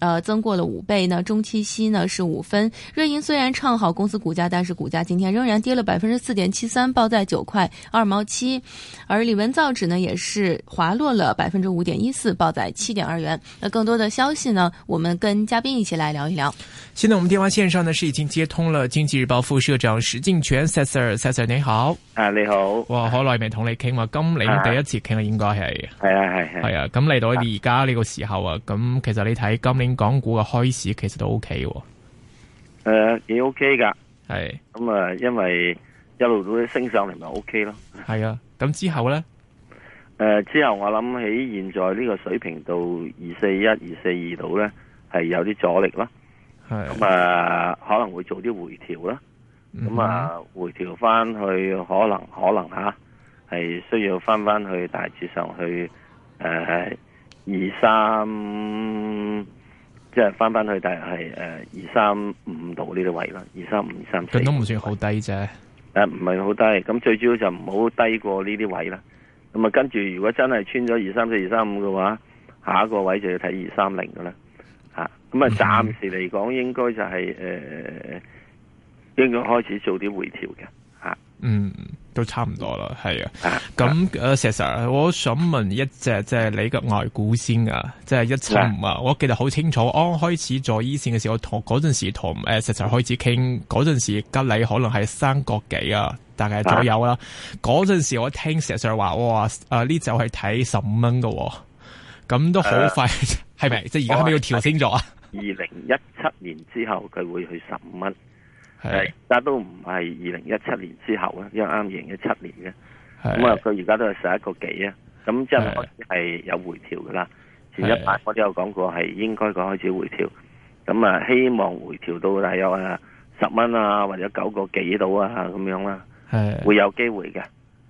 呃，增過了五倍呢。中期息呢是五分。瑞銀雖然唱好公司股價，但是股價今天仍然跌了百分之四點七三，報在九塊二毛七。而理文造紙呢，也是滑落了百分之五點一四，報在七點二元。那更多的消息呢，我們跟嘉賓一起來聊一聊。現在我們電話線上呢是已經接通了經濟日報副社長石鏡泉，Sir，Sir，你好。啊，你好。哇，好耐未同你傾啊，今年第一次傾應該係。係啊，係係。係啊，咁嚟到而家呢個時候啊，咁、啊、其實你睇今年。港股嘅開市其實都 O K 嘅，誒幾 O K 噶，係咁啊，因為一路都升上嚟咪 O K 咯，係啊，咁之後咧，誒、呃、之後我諗起現在呢個水平到二四一、二四二度咧，係有啲阻力啦，係咁啊，可能會做啲回調啦，咁、嗯、啊回調翻去可能可能吓係、啊、需要翻翻去大致上去誒、呃、二三。即係翻翻去大約係誒二三五度呢啲位啦，二三五、二三四，都唔算好低啫。誒，唔係好低。咁最主要就唔好低過呢啲位啦。咁啊，跟住如果真係穿咗二三四、二三五嘅話，下一個位就要睇二三零噶啦。吓，咁啊，暫時嚟講應該就係、是、誒、嗯呃，應該開始做啲回調嘅。吓、啊，嗯。都差唔多啦，係啊。咁誒、嗯，石 sir，我想問一隻即係你嘅外股先啊，即係一七五啊。我記得好清楚，我開始做一綫嘅時候，我同嗰陣時同誒石 sir 開始傾，嗰陣時吉利可能係三個幾啊，大概左右啦。嗰陣、啊、時我聽石 sir 話，哇，誒呢就係睇十五蚊嘅，咁、啊、都好快，係咪？即係而家係咪要調升咗啊？二零一七年之後，佢會去十五蚊。係，是但都唔係二零一七年之後咧，因為啱二零一七年嘅，咁啊佢而家都係十一個幾啊，咁之後開始係有回調噶啦，是前一排我都有講過係應該講，開始回調，咁啊希望回調到大約啊十蚊啊或者九個幾度啊咁樣啦，是會有機會嘅，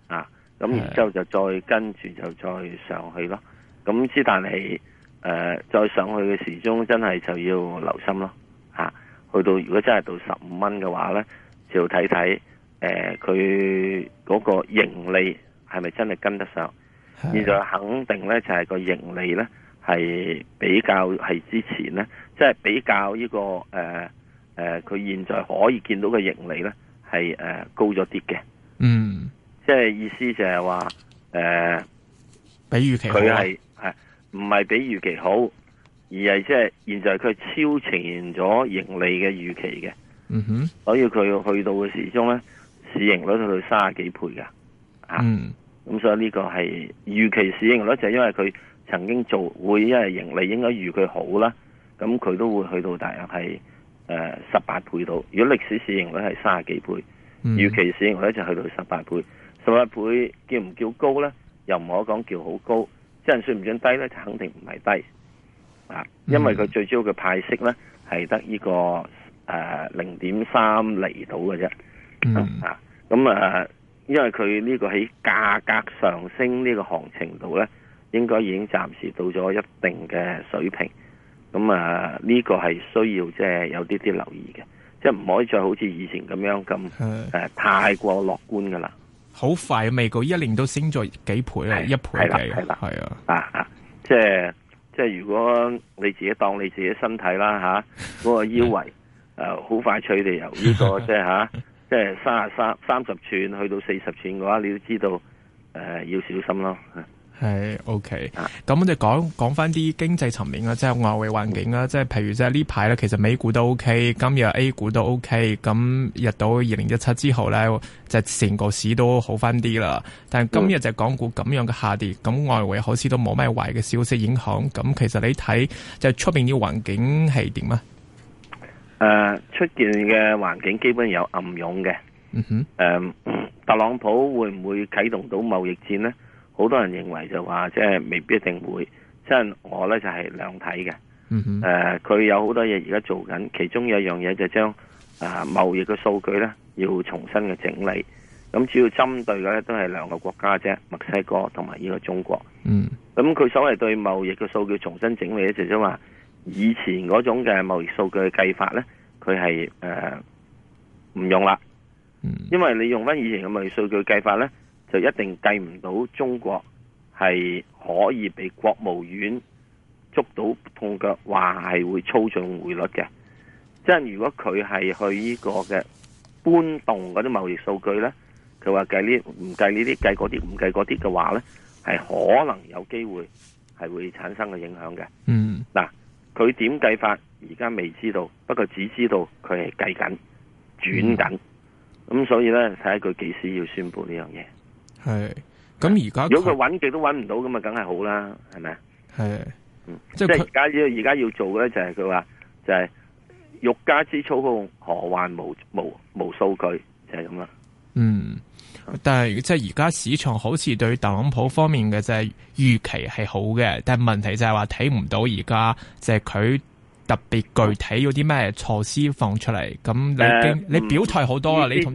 啊咁然之後就再跟住就再上去咯，咁之但係誒、呃、再上去嘅時鐘真係就要留心咯。去到如果真係到十五蚊嘅話咧，就睇睇誒佢嗰個盈利係咪真係跟得上？係嘅。現在肯定咧就係個盈利咧係比較係之前咧，即係比較呢個誒誒佢現在可以見到嘅盈利咧係誒高咗啲嘅。嗯，即係意思就係話誒，呃、比預期佢係係唔係比預期好？而係即係現在佢超前咗盈利嘅預期嘅，嗯哼、mm，hmm. 所以佢去到嘅市中咧，市盈率就去到三十幾倍嘅，嚇、mm，咁、hmm. 啊、所以呢個係預期市盈率就係因為佢曾經做會，因為盈利應該預佢好啦，咁佢都會去到大約係誒十八倍到。如果歷史市盈率係三十幾倍，mm hmm. 預期市盈率就去到十八倍，十八倍叫唔叫高咧？又唔可講叫好高，即係算唔算低咧？就肯定唔係低。因為佢最主要嘅派息咧，係得呢個誒零點三厘度嘅啫。嗯啊，咁、呃、啊，因為佢呢個喺價格上升呢個行情度咧，應該已經暫時到咗一定嘅水平。咁、嗯、啊，呢、呃，這個係需要即係、呃、有啲啲留意嘅，即係唔可以再好似以前咁樣咁誒、呃呃、太過樂觀噶啦。好快嘅、啊、美股，一年都升咗幾倍了啊，一倍幾係啦，係啊，啊啊，即係。即係如果你自己當你自己身體啦嚇，嗰、啊那個腰圍誒好、 呃、快脆地由呢、這個 即係嚇、啊，即係三啊三三十寸去到四十寸嘅話，你都知道誒、呃、要小心咯。係 Hey , OK，咁 Yeah. 我哋講講翻啲經濟層面啦，即係外圍環境啦。即係譬如即係呢排咧，其實美股都 OK，今日 A 股都 OK，咁入到二零一七之後咧，就成個市都好翻啲啦。但係今日就港股咁樣嘅下跌，咁 Yeah. 外圍好似都冇咩壞嘅消息影響。咁其實你睇就出邊啲環境係點啊？誒，uh, 出現嘅環境基本有暗湧嘅。嗯哼、mm。誒、hmm.，uh, 特朗普會唔會啟動到貿易戰呢？好多人認為就話即係未必一定會，即係我咧就係兩睇嘅。誒、mm，佢、hmm. 呃、有好多嘢而家做緊，其中有一樣嘢就將啊、呃、貿易嘅數據咧要重新嘅整理。咁主要針對嘅咧都係兩個國家啫，墨西哥同埋呢個中國。Mm hmm. 嗯，咁佢所謂對貿易嘅數據重新整理，就即係話以前嗰種嘅貿易數據嘅計法咧，佢係誒唔用啦。嗯、mm，hmm. 因為你用翻以前嘅貿易數據計法咧，就一定計唔到中國係可以被國務院捉到痛腳，話係會操縱匯率嘅。即係如果佢係去呢個嘅搬動嗰啲貿易數據咧，佢話計呢唔計呢啲，計嗰啲唔計嗰啲嘅話咧，係可能有機會係會產生嘅影響嘅。嗯、mm.，嗱，佢點計法而家未知道，不過只知道佢係計緊轉緊，咁、mm. 所以咧睇下佢幾時要宣布呢樣嘢。係，咁而家如果佢揾極都揾唔到，咁啊，梗係好啦，係咪啊？係、嗯，即係而家要而家要做咧，就係佢話就係欲加之操控何患無無無數據，就係咁啦。嗯，但係即係而家市場好似對特朗普方面嘅就係預期係好嘅，但係問題就係話睇唔到而家就係佢特別具體嗰啲咩措施放出嚟。咁、嗯、你經、呃、你表態好多啦，你同。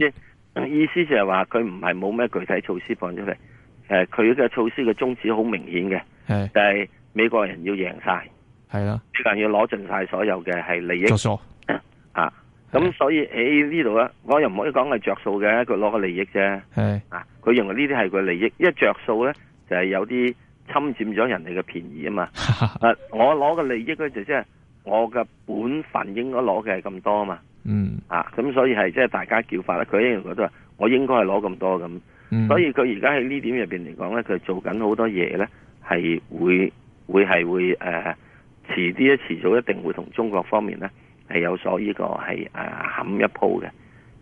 意思就係話佢唔係冇咩具體措施放出嚟，誒，佢嘅措施嘅宗旨好明顯嘅，係的，就係美國人要贏晒，係啦的，佢要攞盡晒所有嘅係利益，數啊，咁的所以喺呢度咧，我又唔可以講係着數嘅，佢攞個利益啫，係的，啊，佢認為呢啲係佢利益，一着數咧就係有啲侵佔咗人哋嘅便宜啊嘛， 啊，我攞個利益咧就即係我嘅本份應該攞嘅係咁多啊嘛。嗯啊，咁所以係即係大家叫法咧，佢一樣覺得我應該係攞咁多咁，嗯、所以佢而家喺呢點入邊嚟講咧，佢做緊好多嘢咧，係會會係會誒、呃、遲啲咧，遲早一定會同中國方面咧係有所呢、呢個係誒冚一鋪嘅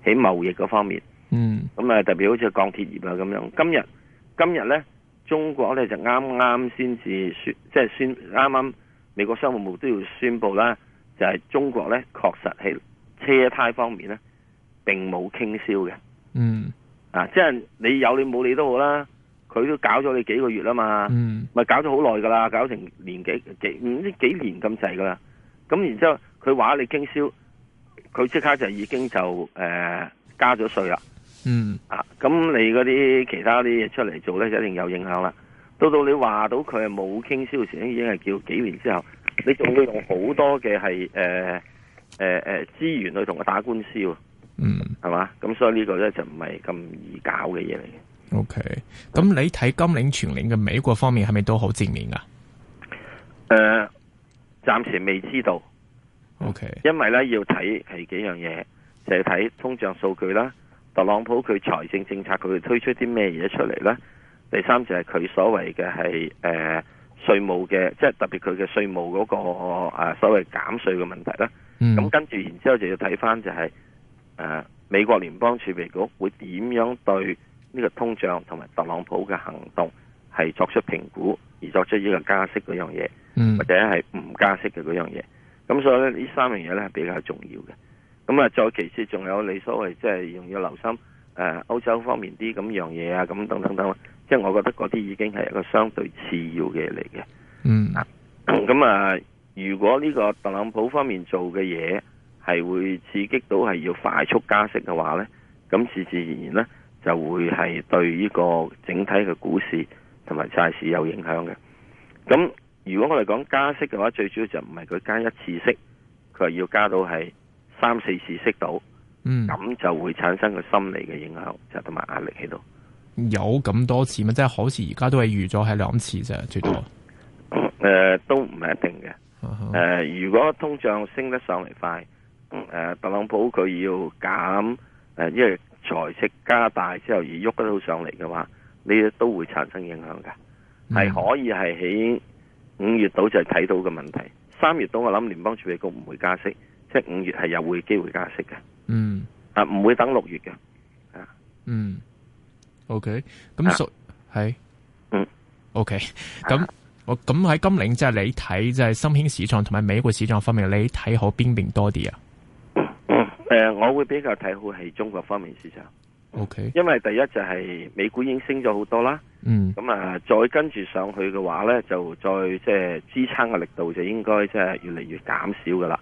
喺貿易嗰方面。嗯，咁啊特別好似鋼鐵業啊咁樣，今日今日咧中國咧就啱啱先至宣，即係宣啱啱美國商務部都要宣布啦，就係、是、中國咧確實係。車胎方面咧，並冇傾銷嘅，嗯，啊，即係你有你冇你都好啦，佢都搞咗你幾個月啦嘛，嗯，咪搞咗好耐噶啦，搞成年幾幾唔知幾年咁滯噶啦，咁然之後佢話你傾銷，佢即刻就已經就誒、呃、加咗稅啦，嗯，啊，咁你嗰啲其他啲嘢出嚟做咧，就一定有影響啦。到到你話到佢係冇傾銷時，已經係叫幾年之後，你仲要用好多嘅係誒。呃誒誒、呃，資源去同佢打官司喎，嗯，係嘛，咁所以呢個咧就唔係咁易搞嘅嘢嚟嘅。O K，咁你睇今年全年嘅美國方面係咪都好正面㗎、啊？誒、呃，暫時未知道。O K，因為咧要睇係幾樣嘢，就係睇通脹數據啦，特朗普佢財政政策佢推出啲咩嘢出嚟咧？第三就係佢所謂嘅係誒稅務嘅，即係特別佢嘅稅務嗰、那個誒、呃、所謂減稅嘅問題啦。咁、嗯、跟住，然之後就要睇翻就係、是、誒、呃、美國聯邦儲備局會點樣對呢個通脹同埋特朗普嘅行動係作出評估，而作出呢個加息嗰樣嘢，嗯、或者係唔加息嘅嗰樣嘢。咁、嗯、所以咧，呢三樣嘢咧係比較重要嘅。咁、嗯、啊，再其次，仲有你所謂即係要留心誒歐、呃、洲方面啲咁樣嘢啊，咁等等等等。即係我覺得嗰啲已經係一個相對次要嘅嘢嚟嘅。嗯，咁啊。如果呢個特朗普方面做嘅嘢係會刺激到係要快速加息嘅話呢，咁自自然然呢就會係對呢個整體嘅股市同埋債市有影響嘅。咁如果我哋講加息嘅話，最主要就唔係佢加一次息，佢係要加到係三四次息到，咁、嗯、就會產生個心理嘅影響，就同埋壓力喺度。有咁多次咩？即係好似而家都係預咗係兩次啫，最多。誒、嗯嗯呃，都唔係一定嘅。誒，如果通脹升得上嚟快，誒，特朗普佢要減，誒，因為財赤加大之後而喐得到上嚟嘅話，呢都會產生影響嘅，係可以係喺五月度就睇到嘅問題。三月度我諗聯邦儲備局唔會加息，即係五月係又會機會加息嘅。嗯，啊，唔會等六月嘅，啊，嗯，OK，咁屬係，嗯，OK，咁。咁喺今年，即係你睇，即係新興市場同埋美國市場方面，你睇好邊邊多啲啊？誒，我會比較睇好係中國方面市場。OK，因為第一就係美股已經升咗好多啦。嗯，咁啊，再跟住上去嘅話咧，就再即係、就是、支撐嘅力度就應該即係越嚟越減少噶啦。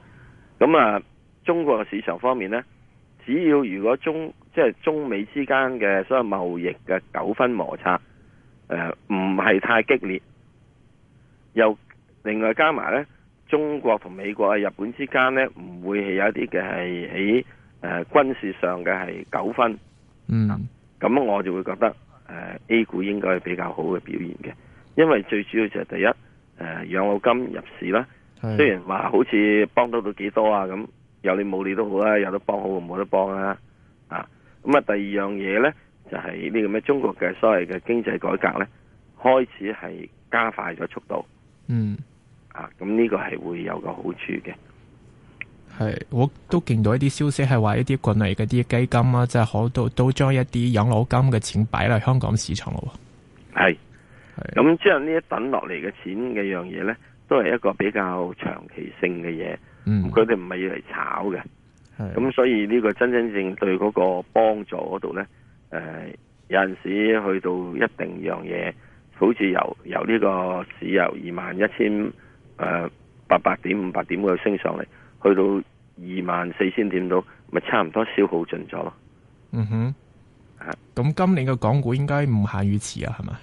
咁啊，中國嘅市場方面咧，只要如果中即係、就是、中美之間嘅所謂貿易嘅糾紛摩擦誒，唔係太激烈。又另外加埋呢，中國同美國啊、日本之間呢，唔會係有一啲嘅係喺誒軍事上嘅係糾紛。嗯，咁、啊、我就會覺得誒、呃、A 股應該係比較好嘅表現嘅，因為最主要就係第一誒養、呃、老金入市啦。是雖然話好似幫得到幾多少啊咁，有你冇你都好啦、啊，有得幫好冇得幫啊。啊，咁啊第二樣嘢呢，就係、是、呢個咩？中國嘅所謂嘅經濟改革呢，開始係加快咗速度。嗯，啊，咁、這、呢個係會有個好處嘅，係，我都見到一啲消息係話一啲國內嘅啲基金啊，即係好多都將一啲養老金嘅錢擺嚟香港市場咯，係是，咁將呢一等落嚟嘅錢嘅樣嘢咧，都係一個比較長期性嘅嘢，嗯，佢哋唔係要嚟炒嘅，咁所以呢個真真正對嗰個幫助嗰度咧，誒、呃，有陣時去到一定樣嘢。好似由由呢個市由二萬一千誒八百點五百點佢升上嚟，去到二萬四千點度，咪差唔多消耗盡咗咯。嗯哼，咁今年嘅港股應該唔限於此啊，係咪？誒、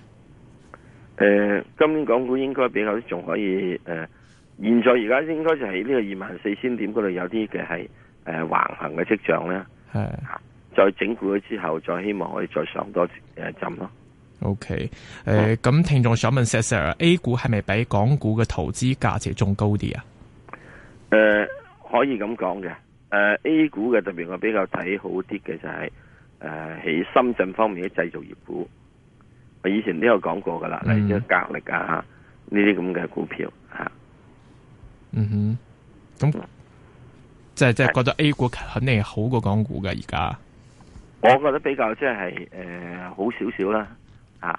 呃，今年港股應該比較仲可以誒、呃，現在而家應該就係呢個二萬四千點嗰度有啲嘅喺誒橫行嘅跡象咧。係的再整固咗之後，再希望可以再上多誒浸、呃、咯。OK，誒，咁聽眾想問 Sir，A 股係咪比港股嘅投資價值仲高啲啊？誒、呃，可以咁講嘅，誒、呃，A 股嘅特別我比較睇好啲嘅就係誒喺深圳方面嘅製造業股，我以前都有講過噶啦，嗯、例如啲格力啊呢啲咁嘅股票啊，嗯哼，咁即係即係覺得 A 股肯定係好過港股嘅，而家，我覺得比較即係誒好少少啦。啊，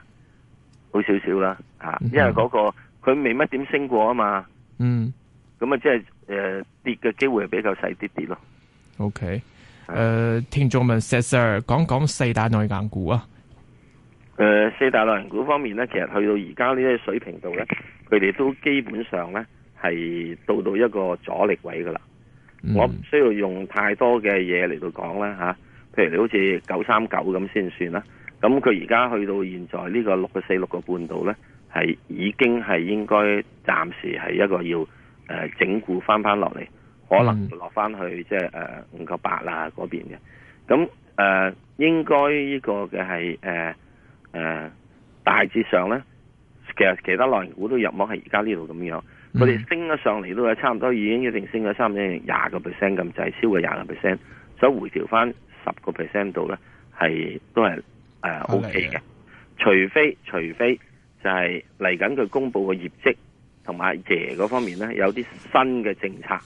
好少少啦，啊，因為嗰、那個佢未乜點升過啊嘛，嗯、mm，咁、hmm. 啊，即係誒跌嘅機會係比較細啲啲咯。OK，誒、啊，聽眾問石 Sir 講講四大內銀股啊，誒、呃，四大內銀股方面咧，其實去到而家呢啲水平度咧，佢哋都基本上咧係到到一個阻力位噶啦。我唔需要用太多嘅嘢嚟到講啦吓，譬如你好似九三九咁先算啦。咁佢而家去到現在個 6. 4, 6. 呢個六個四六個半度咧，係已經係應該暫時係一個要誒、呃、整固翻翻落嚟，可能落翻去即係誒五個八啦嗰邊嘅。咁誒、呃、應該呢個嘅係誒誒大致上咧，其實其他內銀股都入摩係而家呢度咁樣，佢哋、嗯、升咗上嚟都係差唔多已經一定升咗差唔多廿個 percent 咁滯，超過廿個 percent，所以回調翻十個 percent 度咧係都係。誒，O K 嘅，除非除非就係嚟緊佢公布嘅業績同埋阿爺嗰方面咧，有啲新嘅政策，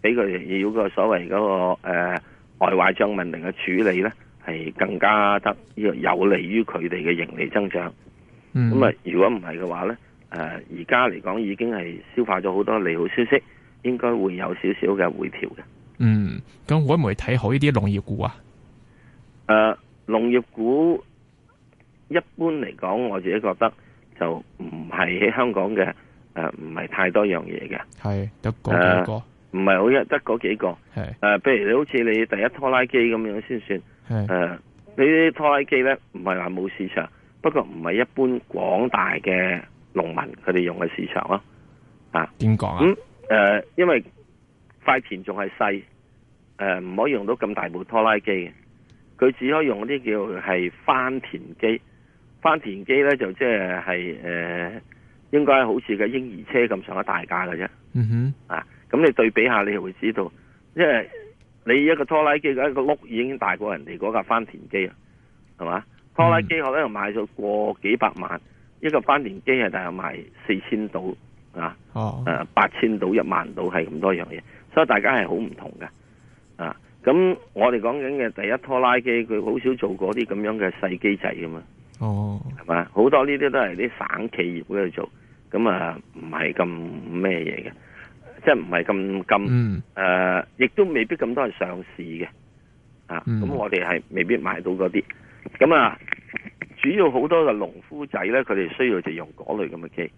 俾佢要個所謂嗰、那個誒、呃、外壞賬問題嘅處理咧，係更加得，這個有利於佢哋嘅盈利增長。咁啊、嗯，如果唔係嘅話咧，誒而家嚟講已經係消化咗好多利好消息，應該會有少少嘅回調嘅。嗯，咁會唔會睇好呢啲農業股啊？誒、啊。農業股一般嚟講，我自己覺得就唔係喺香港嘅，誒唔係太多樣嘢嘅，係一個唔係好一得嗰幾個，係誒、呃，譬是、呃、如你好似你第一拖拉機咁樣先算，係誒是、呃，你啲拖拉機咧唔係話冇市場，不過唔係一般廣大嘅農民佢哋用嘅市場咯、啊，啊，點講啊？咁誒、嗯呃，因為塊田仲係細，誒、呃、唔可以用到咁大部拖拉機嘅。佢只可以用啲叫係翻田機，翻田機咧就即係係誒，應該好似個嬰兒車咁上下大架嘅啫。嗯哼，啊，咁你對比下，你就會知道，因為你一個拖拉機嘅一個碌已經大過人哋嗰架翻田機啦，係嘛？嗯、拖拉機我喺度賣咗過幾百萬，一個翻田機係大約賣四千到啊，誒八千到一萬到係咁多樣嘢，所以大家係好唔同嘅，啊。咁我哋講緊嘅第一拖拉機，佢好少做嗰啲咁樣嘅細機仔噶嘛，哦、oh.，係嘛？好多呢啲都係啲省企業嗰度做，咁啊唔係咁咩嘢嘅，即係唔係咁咁誒，亦、mm. 呃、都未必咁多係上市嘅，啊，咁、mm. 我哋係未必買到嗰啲，咁啊，主要好多嘅農夫仔咧，佢哋需要就用嗰類咁嘅機。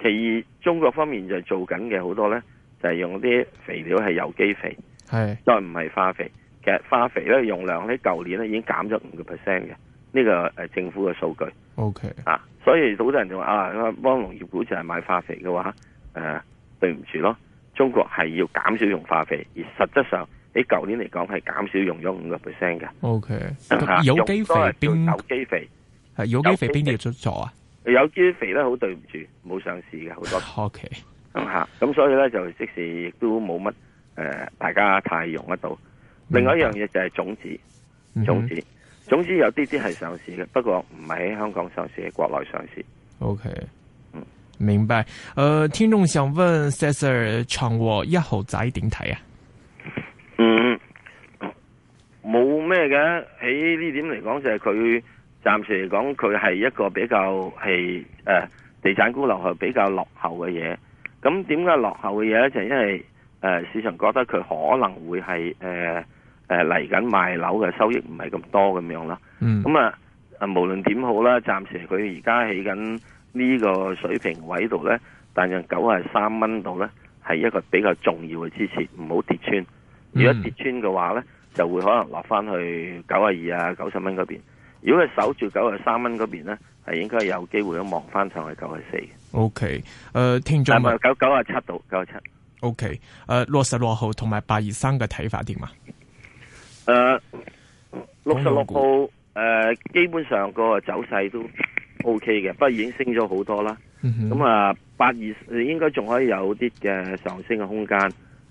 其二，中國方面就做緊嘅好多咧，就係、是、用啲肥料係有機肥。係，再唔係化肥，其實化肥咧用量喺舊年咧已經減咗五個 percent 嘅，呢個誒政府嘅數據。OK 啊，所以好多人就話啊，汪農業股就係買化肥嘅話，誒、呃、對唔住咯，中國係要減少用化肥，而實質上喺舊年嚟講係減少用咗五個 percent 嘅。O K，有機肥邊有機肥係有機肥邊跌咗咗啊？有機肥咧好對唔住，冇上市嘅好多。O K 咁吓，咁所以咧就即時亦都冇乜。誒、呃，大家太用得到。白另外一樣嘢就係種、嗯、哼種子，種子，種子有啲啲係上市嘅，不過唔係喺香港上市，國內上市。O Okay . K，嗯，明白。誒、呃，聽眾想問 Sir 長和一號仔點睇啊？嗯，冇咩嘅。喺呢點嚟講就，就係佢暫時嚟講，佢係一個比較係誒、呃、地產股樓係比較落後嘅嘢。咁點解落後嘅嘢咧？就係、因為。誒，市場覺得佢可能會係誒誒嚟緊賣樓嘅收益唔係咁多咁樣啦。咁啊、嗯嗯，無論點好啦，暫時佢而家起緊呢個水平位度咧，但係九啊三蚊度咧，係一個比較重要嘅支持，唔好跌穿。如果跌穿嘅話咧，嗯、就會可能落翻去九啊二啊、九十蚊嗰邊。如果佢守住九啊三蚊嗰邊咧，係應該有機會都望翻上去九啊四。O K，誒，聽九九啊七度，九啊七。97, O K，誒，六十六號同埋八二三嘅睇法點啊？誒、uh,，六十六號誒，基本上個走勢都 O K 嘅， 不過已經升咗好多啦。咁啊、mm，八、hmm. 二、uh, 應該仲可以有啲嘅上升嘅空間。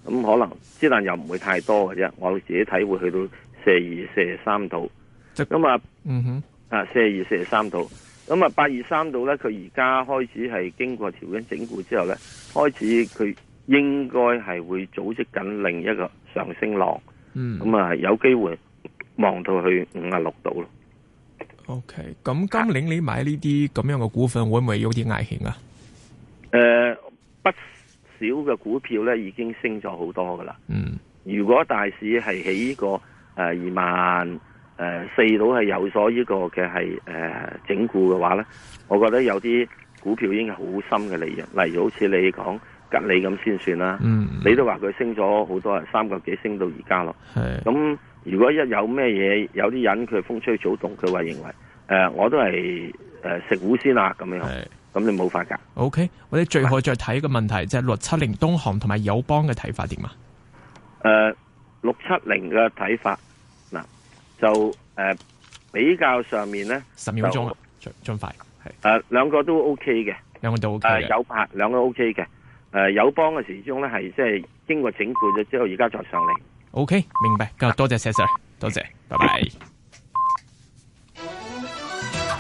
咁可能支彈又唔會太多嘅啫。我自己睇會去到四二四三度。咁啊即，嗯哼那，啊四二四三度。咁、hmm. 啊、uh,，八二三度咧，佢而家開始係經過調整整固之後咧，開始佢。應該係會組織緊另一個上升浪，咁啊、嗯、有機會望到去五啊六度咯。OK，咁嘉玲你買呢啲咁樣嘅股份，會唔會有啲危險啊？誒、呃，不少嘅股票咧已經升咗好多噶啦。嗯，如果大市係起呢個誒二萬誒四度係有所呢個嘅係誒整固嘅話咧，我覺得有啲股票已經好深嘅利潤，例如好似你講。隔你咁先算啦，嗯、你都話佢升咗好多，人，三個幾升到而家咯。咁是如果一有咩嘢，有啲人佢風吹草動，佢話認為誒、呃，我都係誒、呃、食糊先啦。咁樣咁是你冇法噶。O K，或者最好再睇一個問題，即係六七零東航同埋友邦嘅睇法點啊？誒、呃，六七零嘅睇法嗱、呃，就誒、呃、比較上面咧，十秒鐘最最快係誒，兩、呃、個都 O K 嘅，兩個都 O、OK、K、呃、有拍兩個 O K 嘅。誒、呃，友邦嘅始終咧係即係經過整固咗之後，而家再上嚟。O、okay, K，明白。咁多謝，謝 Sir，多謝，拜拜。